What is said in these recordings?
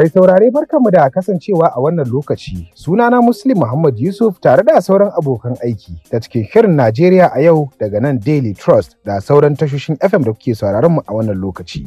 Mai saurare barkanmu da kasancewa a wannan lokaci sunana Muslim Muhammad Yusuf tare da sauran abokan aiki da cikin shirin Najeriya a yau daga nan Daily Trust da sauran tashoshin FM da kuke sauraron mu a wannan lokaci.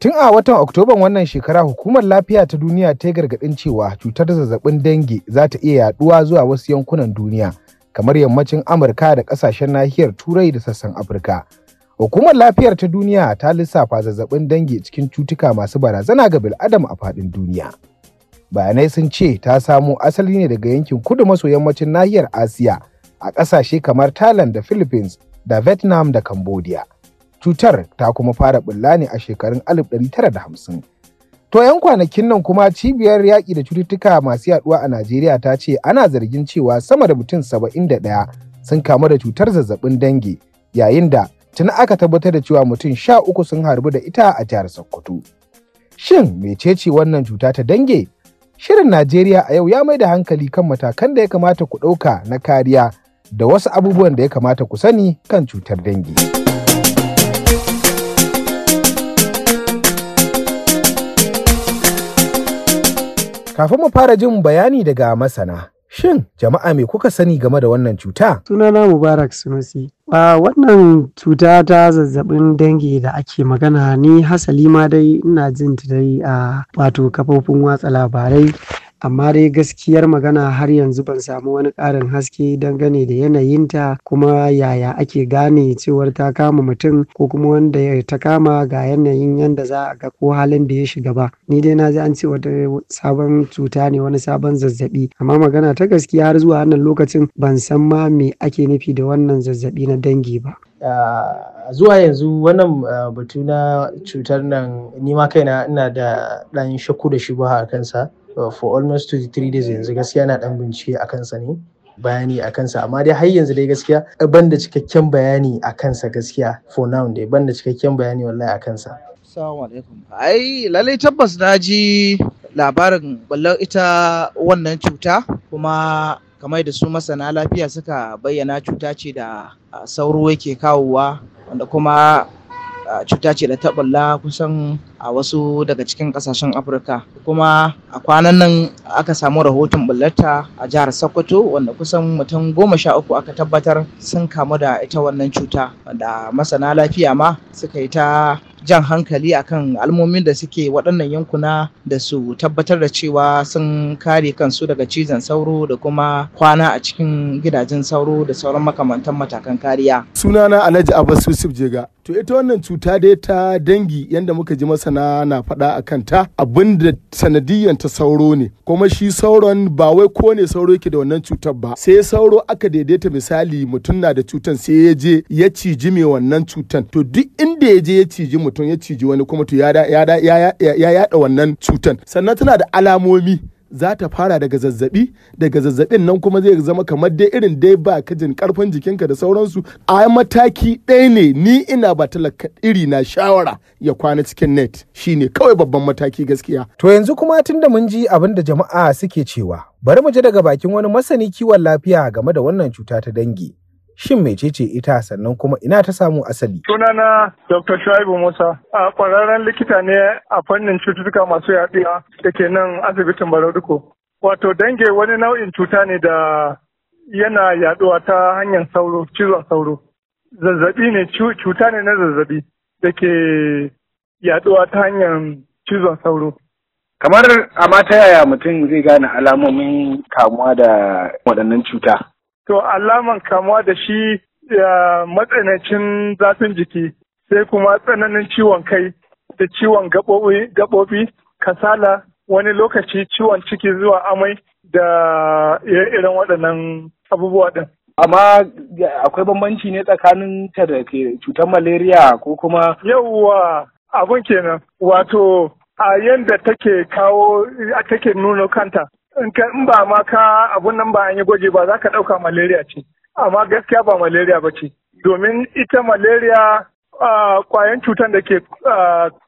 Tun a watan Oktoban wannan shekara hukumar lafiya ta duniya ta yi gargaɗin cewa cutar zazzabin dengue za ta iya yaɗuwa zuwa wasu yankunan duniya kamar yammacin Amurka da ƙasashen nahiyar Turai da sassan Afirka. Hukumar Lafiyar ta Duniya ta lissafa zazzabin dangi cikin cutuka masu barazana ga bil'adam a faɗin duniya. Bayanai sun ce ta samo asali ne daga yankin kudu maso yammacin nahiyar Asiya a ƙasashe kamar Thailand da Philippines da Vietnam da Cambodia. Cutar ta kuma fara bulla ne a shekarun 1950. To 'yan kwanakin nan kuma cibiyar yaƙi da cututtuka masu yaɗuwa a Najeriya ta ce ana zargin cewa sama da mutum 71 sun kamu da cutar zazzabin dangi yayin da tun aka tabbatar da cewa mutum sha uku sun harbu da ita a jihar Sokoto. Shin mecece wannan cuta ta dange? Shirin Najeriya a yau ya mai da hankali kan matakan da ya kamata ku ɗauka na kariya da wasu abubuwan da ya kamata ku sani kan cutar dange. Kafin mu fara jin bayani daga masana, Shin jama'a me kuka sani game da wannan cuta? Sunana Mubarak Sunusi. A wannan cuta ta zazzabin dangi da ake magana ni hasali ma dai ina jin ta dai a wato kafofin watsa labarai. amma dai gaskiyar magana har yanzu ban samu wani ƙarin haske dangane da yanayinta kuma yaya ake gane cewar ta kama mutum ko kuma wanda ta kama ga yanayin yanda za a ga ko halin da ya shiga ba ni dai na ji an ce wata sabon cuta ne wani sabon zazzabi amma magana ta gaskiya har zuwa wannan lokacin ban san ma me ake nufi da wannan zazzabi na dangi ba Uh, zuwa yanzu wannan uh, batu na cutar nan nima kaina ina da ɗan shakku da shi ba a kansa Uh, for almost 23 days yanzu gaskiya na dan bincike a kansa ne bayani a kansa amma dai har yanzu dai gaskiya uh, ban da cikakken bayani a kansa gaskiya for now dai ban da cikakken bayani wallahi a kansa assalamu alaikum ai lalle tabbas na ji labarin ballar ita wannan cuta kuma kamar da su masana lafiya suka bayyana cuta ce da uh, sauro yake kawowa wanda kuma cuta ce da taɓalla kusan a wasu daga cikin kasashen afirka kuma a kwanan nan aka samu rahoton bullata a jihar sokoto wanda kusan mutum goma sha uku aka tabbatar sun kamu da ita wannan cuta da masana lafiya ma suka yi ta jan hankali akan almomin da suke waɗannan yankuna da su tabbatar da cewa sun kare kansu daga cizon sauro da kuma kwana a cikin gidajen sauro da sauran makamantan matakan kariya. Sunana Alhaji Abbas Yusuf Jega. To ita wannan cuta dai ta dangi yadda muka ji masana masana na faɗa a kanta abin da sanadiyan ta sauro ne kuma shi sauron ba wai ko ne sauro yake da wannan cutar ba sai sauro aka daidaita misali mutum na da cutar sai ya je ya ciji mai wannan cutar to duk inda ya je ya ciji mutum ya ciji wani kuma to ya yada yaɗa wannan cutar sannan tana da alamomi za ta fara daga zazzabi daga zazzabin nan kuma zai zama kamar dai irin dai ba ka jin karfin jikinka da sauransu a mataki ɗaya ne ni ina ba talaka iri na shawara ya kwana cikin net shine kawai babban mataki gaskiya to yanzu kuma tun da mun ji abin da jama'a suke cewa bari mu ji daga bakin wani masani kiwon lafiya game da wannan cuta ta dangi shin mecece ita sannan kuma ina ta samu asali? Suna na Dr. Shaibu Musa, a kwararren likita ne a fannin cututtuka masu yaɗuwa da ke nan asibitin Barauduko. Wato dange wani nau'in cuta ne da yana yaɗuwa ta hanyar sauro, cizon sauro. Zazzaɓi ne cuta ne na zazzaɓi da ke yaɗuwa ta hanyar cizon sauro. Kamar ama ta yaya mutum zai gane alamomin kamuwa da waɗannan cuta? to alaman kamuwa da shi matsanancin zafin jiki sai kuma tsananin ciwon kai da ciwon gaɓoɓi kasala wani lokaci ciwon ciki zuwa amai da irin waɗannan abubuwa ɗin. Amma akwai bambanci ne tsakanin ta da ke cutar malaria ko kuma? Yawwa abun kenan wato a yadda take kawo take nuna kanta in ba ma ka abun nan ba an yi gwaji ba za ka ɗauka malaria ce amma gaskiya ba malaria ba ce domin ita malaria kwayan cutan da ke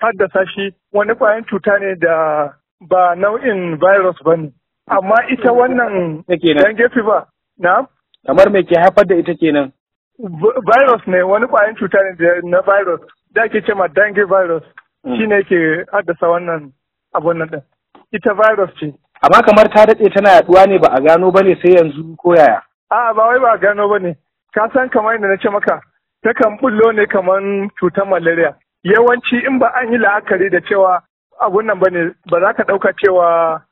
haddasa shi wani kwayan cuta ne da ba nau'in virus ba ne amma ita wannan dengue fever na kamar mai ke haifar da ita kenan virus ne wani kwayan cuta ne na virus da ke ce ma dengue virus mm. shine ke haddasa wannan abun nan ita virus ce amma kamar ta daɗe tana yaduwa ne ba a gano ba ne sai yanzu ko yaya a ba wai ba a gano ba ne ka san kamar yadda na ce maka takan bullo ne kamar cutar malaria yawanci in ba an yi la'akari da cewa abun nan ba ne ba za ka ɗauka cewa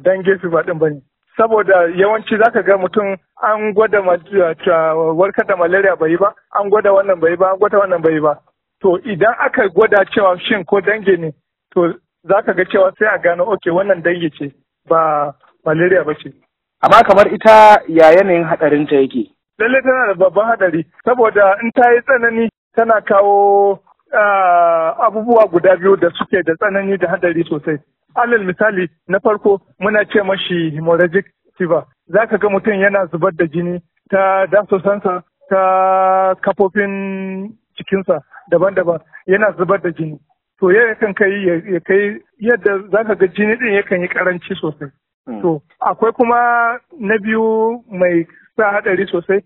dan gefe ba ɗin ba ne saboda yawanci za ka ga mutum an gwada warkar da malaria bai ba an gwada wannan bai ba an gwada wannan bai ba to idan aka gwada cewa shin ko dange ne to za ka ga cewa sai a gano oke wannan dange ce ba malaria ba ce. Amma kamar ita ya yanayin haɗarinta yake? Lalle tana da babban haɗari, saboda in ta yi tsanani tana kawo ah, abubuwa guda biyu da suke da tsanani da haɗari sosai. Alal misali na farko muna ce mashi hemorrhagic fever. Za ka ga mutum yana zubar da jini ta dasosansa ta kafofin cikinsa daban-daban yana zubar da jini. to yakan kai ya kai yadda zaka ga jini ɗin yakan yi karanci sosai hmm. to akwai kuma na biyu mai sa haɗari sosai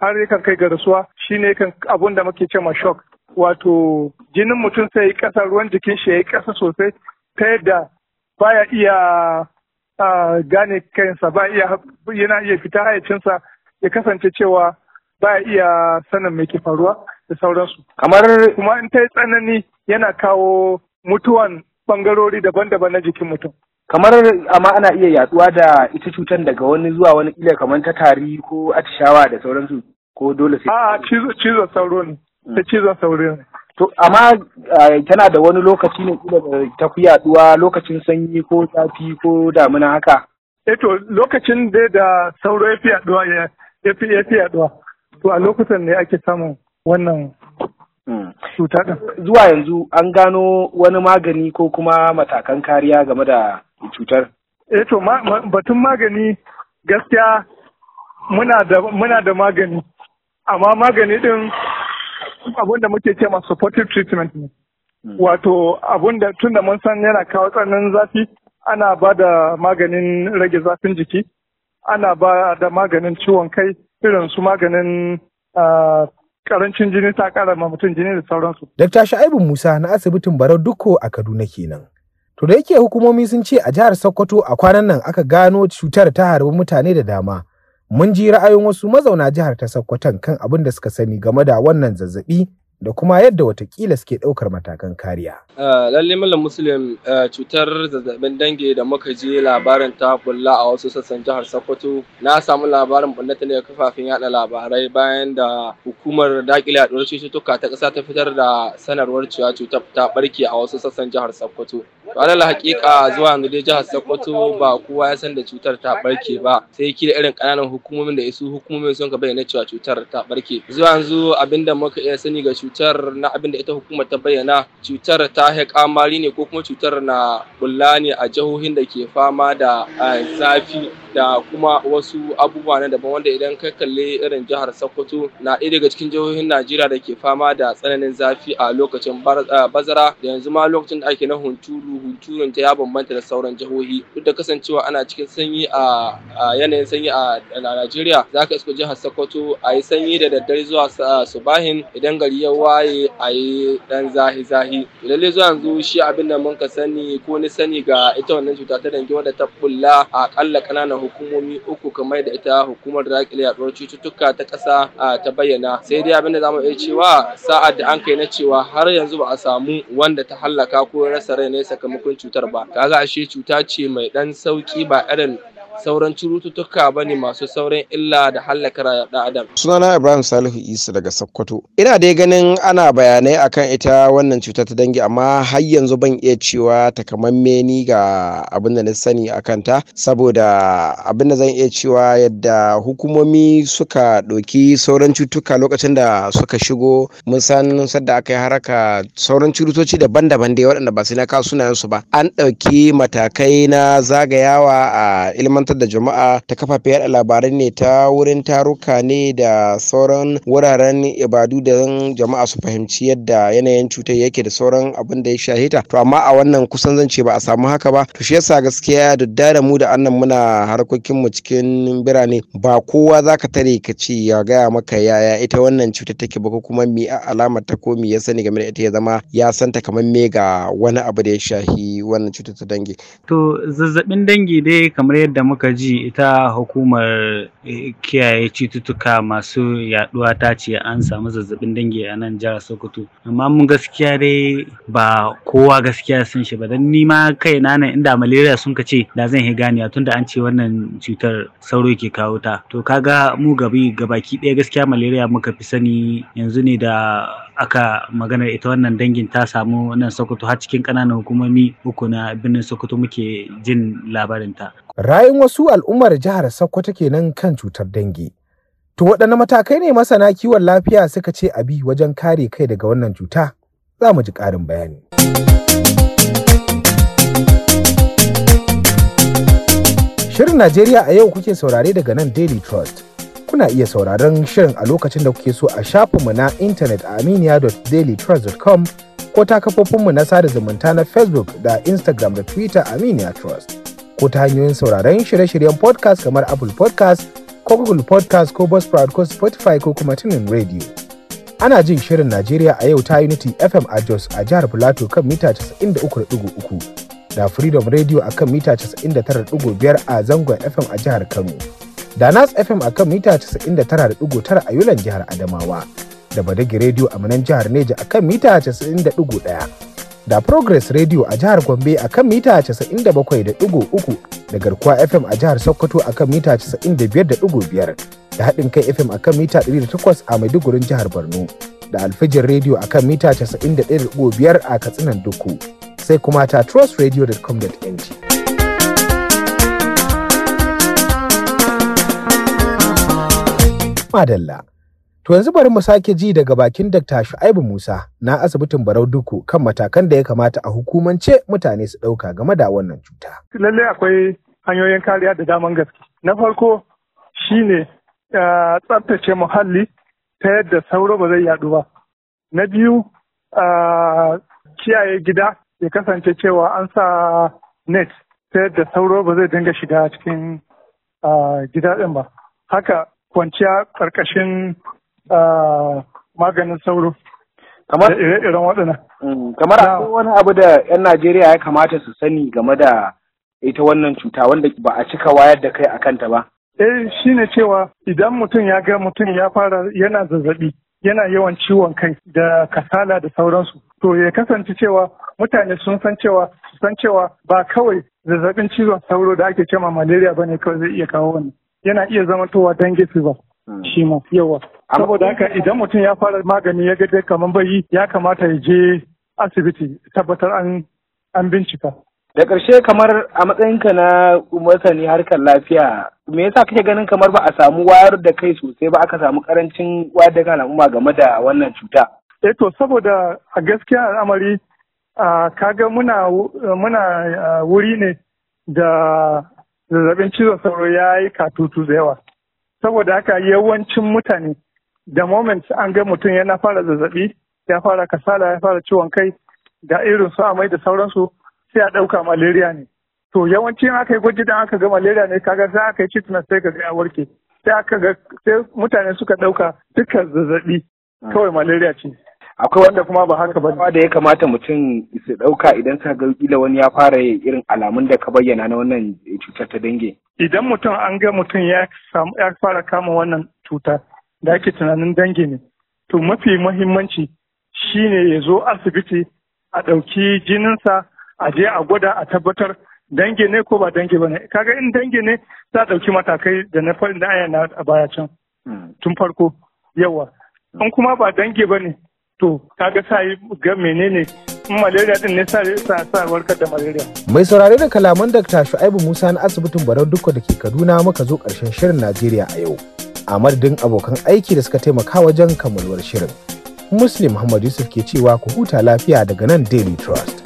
har yakan kai ga rasuwa shine kan abun da muke cewa shock wato jinin mutum sai yi kasa ruwan jikin shi yayi kasa sosai ta yadda baya iya gane kansa ba iya yana iya fita hayyacinsa ya kasance cewa ba iya sanin mai ke faruwa da sauransu kamar kuma in ta yi tsanani yana kawo mutuwan bangarori daban-daban na jikin mutum. Kamar amma ana iya yaduwa da ita cutar daga wani zuwa wani ila kamar ta tari ko atishawa da sauransu ko dole sai. Ah, cizon sauro ne. Hmm. Ta cizon sauro ne. To amma tana da wani lokaci ne kila da ta fi yaduwa lokacin sanyi ko zafi ko damina haka. Eh to lokacin dai da sauro ya fi yaduwa ya fi yaduwa. To a lokutan ne ake samun wannan Mm. zuwa yanzu an gano wani magani ko kuma matakan kariya game da cutar eh to batun magani gaskiya muna da magani amma magani din abun da muke cewa supportive treatment ne mm. wato abun da tun da mun san yana kawo tsananin zafi ana ba da maganin rage zafin jiki ana ba da maganin ciwon kai irin su maganin ah, karancin jini ta kara ma mutum jini da sauransu. Dakta Sha'ibu Musa na asibitin Barau Dukko a Kaduna kenan. To da yake hukumomi sun ce a jihar Sokoto a kwanan nan aka gano cutar ta harbi mutane da dama. Mun ji ra'ayin wasu mazauna jihar ta Sokoton kan abin da suka sani game da wannan zazzabi da kuma yadda watakila suke ɗaukar matakan kariya. Lalle Mallam Muslim cutar zazzabin dange da muka je labarin ta bulla a wasu sassan jihar Sokoto na samu labarin bulla ta ne kafafen yaɗa labarai bayan da hukumar dakile yaduwar cututtuka ta ƙasa ta fitar da sanarwar cewa cutar ta barke a wasu sassan jihar Sokoto. Alal hakika zuwa yanzu dai jihar Sokoto ba kowa ya san da cutar ta barke ba sai kila irin ƙananan hukumomin da isu hukumomin sun ka bayyana cewa cutar ta barke. Zuwa yanzu abinda muka iya sani ga cutar cutar na abin da ita hukumar ta bayyana cutar ta kamari ne ko kuma cutar na bulla ne a jihohin da ke fama da eh, zafi da kuma wasu abubuwa na daban wanda idan ka kalli irin jihar Sokoto na ɗaya daga cikin jihohin Najeriya da ke fama da tsananin zafi a lokacin bazara da yanzu ma lokacin da ake na hunturu hunturun ta ya bambanta da sauran jihohi duk da kasancewa ana cikin sanyi a yanayin sanyi a Najeriya za ka isko jihar Sokoto a yi sanyi da daddare zuwa subahin idan gari ya waye a yi dan zahi zahi lalle zuwa yanzu shi abin da mun ka sani ko ni sani ga ita wannan cuta ta dangi wadda ta bulla a ƙalla ƙananan hukumomi uku kamar da ita hukumar da ake yaduwar cututtuka ta ƙasa ta bayyana sai dai abinda zamu iya cewa sa'ad da an kai na cewa har yanzu ba a samu wanda ta hallaka ko rasa rai ne sakamakon cutar ba kaga ashe cuta ce mai ɗan sauki ba irin sauran cututtuka ba ne masu saurin illa da hallaka da adam. Sunana Ibrahim Salihu Isa daga Sokoto. Ina dai ganin ana bayanai akan ita wannan cuta ta dangi amma har yanzu ban iya cewa takamamme ni ga abin da na sani akan ta saboda abin da zan iya cewa yadda hukumomi suka ɗauki sauran cutuka lokacin da suka shigo mun san sadda aka yi haraka sauran cutoci daban-daban dai waɗanda ba sai na kawo sunayensu ba an ɗauki matakai na zagayawa a ilmantar tunatar da jama'a ta kafafen yaɗa labarai ne ta wurin taruka ne da sauran wuraren ibadu da jama'a su fahimci yadda yanayin cutar yake da sauran abin da ya shahe ta to amma a wannan kusan zan ce ba a samu haka ba to shi yasa gaskiya da da mu da annan muna harkokin mu cikin birane ba kowa zaka tare ka ce ya gaya maka yaya ita wannan cutar take ba ko kuma mi a alamar ta ko mi ya sani game da ita ya zama ya santa kamar me ga wani abu da ya shahi wannan cutar ta dange. to zazzabin dangi dai kamar yadda muka ji ita hukumar eh, kiyaye cututtuka masu yaduwa ta ce an samu zazzabin dangi a nan jihar Sokoto amma mun gaskiya dai ba kowa gaskiya sun shi ba dan ni ma kai na nan inda malaria sun ka ce da zan yi tun tunda an ce wannan cutar sauro ke kawo ta to kaga mu gabi gabaki ɗaya gaskiya malaria muka fi sani yanzu ne da aka magana ita wannan dangin ta samu nan sokoto har cikin ƙananan hukumomi uku na birnin sokoto muke jin labarin ta. rayun wasu al'ummar jihar sokoto kenan kan cutar dangi to waɗanne matakai ne masana kiwon lafiya suka ce a bi wajen kare kai daga wannan cuta za mu ji ƙarin bayani. Shirin Najeriya a yau kuke saurare daga nan Daily Trust. Kuna iya sauraron shirin a lokacin da kuke so a shafinmu na intanet a aminiya.dailytrust.com ko ta kafofinmu na sada zumunta na Facebook da Instagram da Twitter Aminiya Trust. Ko ta hanyoyin sauraron shirye-shiryen podcast kamar Apple podcast ko Google podcast ko Buzzsprout ko Spotify ko kuma Tunin Radio. Ana jin shirin Najeriya a yau ta Unity FM a Jos a jihar Plateau kan mita 93.3 da Freedom Radio a kan mita 99.5 a zangon FM a jihar Kano. da nas fm a kan mita 99.9 a yulan jihar adamawa da badagi radio a manan jihar neja a kan mita 90.1 da progress radio a jihar gombe a kan mita 97.3 da garkuwa fm a jihar sokoto a kan mita 95.5 da haɗin kai fm a kan mita 108 a maidugurin jihar borno da alfijin radio a kan mita 91.5 a katsinan duku sai kuma ta trustradio.com.ng Madalla. To yanzu bari mu sake ji daga bakin Dr. Shu'aibu Musa na asibitin Barau Duku kan matakan da ya kamata a hukumance mutane su ɗauka game da wannan cuta. Lallai akwai hanyoyin kariya da daman gaske. Na farko shine eh, tsaftace muhalli ta yadda sauro ba zai yaɗu ba. Na biyu eh, kiyaye gida ya kasance cewa an sa net ta yadda sauro ba zai dinga shiga cikin eh, gida ɗin ba. Haka kwanciya ƙarƙashin maganin sauro. Kamar irin waɗannan. Mm, kamar wani abu da 'yan Najeriya ya kamata su sani game da ita wannan cuta wanda ba a cika wayar da kai a kanta ba. Eh shi ne cewa idan mutum ya ga mutum ya fara yana zazzaɓi, yana yawan ciwon kai da kasala da sauransu. To ya kasance cewa mutane sun san cewa san cewa ba kawai zazzaɓin cizon sauro da ake cema malaria ne kawai zai iya kawo wannan. yana iya zama towa dengue fever hmm. shi ma yawa saboda haka idan mutum ya fara magani ya ga kamar bai ya kamata ya je asibiti tabbatar an bincika da ƙarshe kamar a matsayinka na masani harkar lafiya me yasa kake ganin kamar ba a samu wayar da kai sosai ba aka samu karancin wayar da kan al'umma game da wannan cuta eh to saboda a gaskiya al'amari kaga muna muna wuri ne da zazzabin cizon sauro ya yi katutu da yawa saboda haka yawancin mutane da moment an ga mutum yana fara zazzabi ya fara kasala ya fara ciwon kai da irin su amai da sauransu sai a ɗauka malaria ne to yawanci in aka yi gwaji dan aka ga malaria ne kaga sai aka yi treatment sai ka ga ya warke sai aka ga sai mutane suka ɗauka duka zazzabi hmm. kawai malaria ce akwai wanda kuma ba haka ba da ya kamata mutum su ɗauka idan ta ga kila wani ya fara irin alamun da ka bayyana na wannan cutar ta dange idan mutum an ga mutum ya samu fara kama wannan cuta da ake tunanin dange ne to mafi mahimmanci shine ya zo asibiti a ɗauki jininsa a je a gwada a tabbatar dange ne ko ba dange ba ne kaga in dange ne za a ɗauki matakai da na farin da aya a baya can hmm. tun farko yawa in kuma ba dange ba ne to kaga sa yi ga menene malaria din ne sa sa warkar da malaria. Mai saurare da kalaman Dr. Shu'aibu Musa na asibitin Barau Dukko da ke Kaduna muka zo ƙarshen shirin Najeriya a yau. A madadin abokan aiki da suka taimaka wajen kammaluwar shirin. Muslim Muhammad Yusuf ke cewa ku huta lafiya daga nan Daily Trust.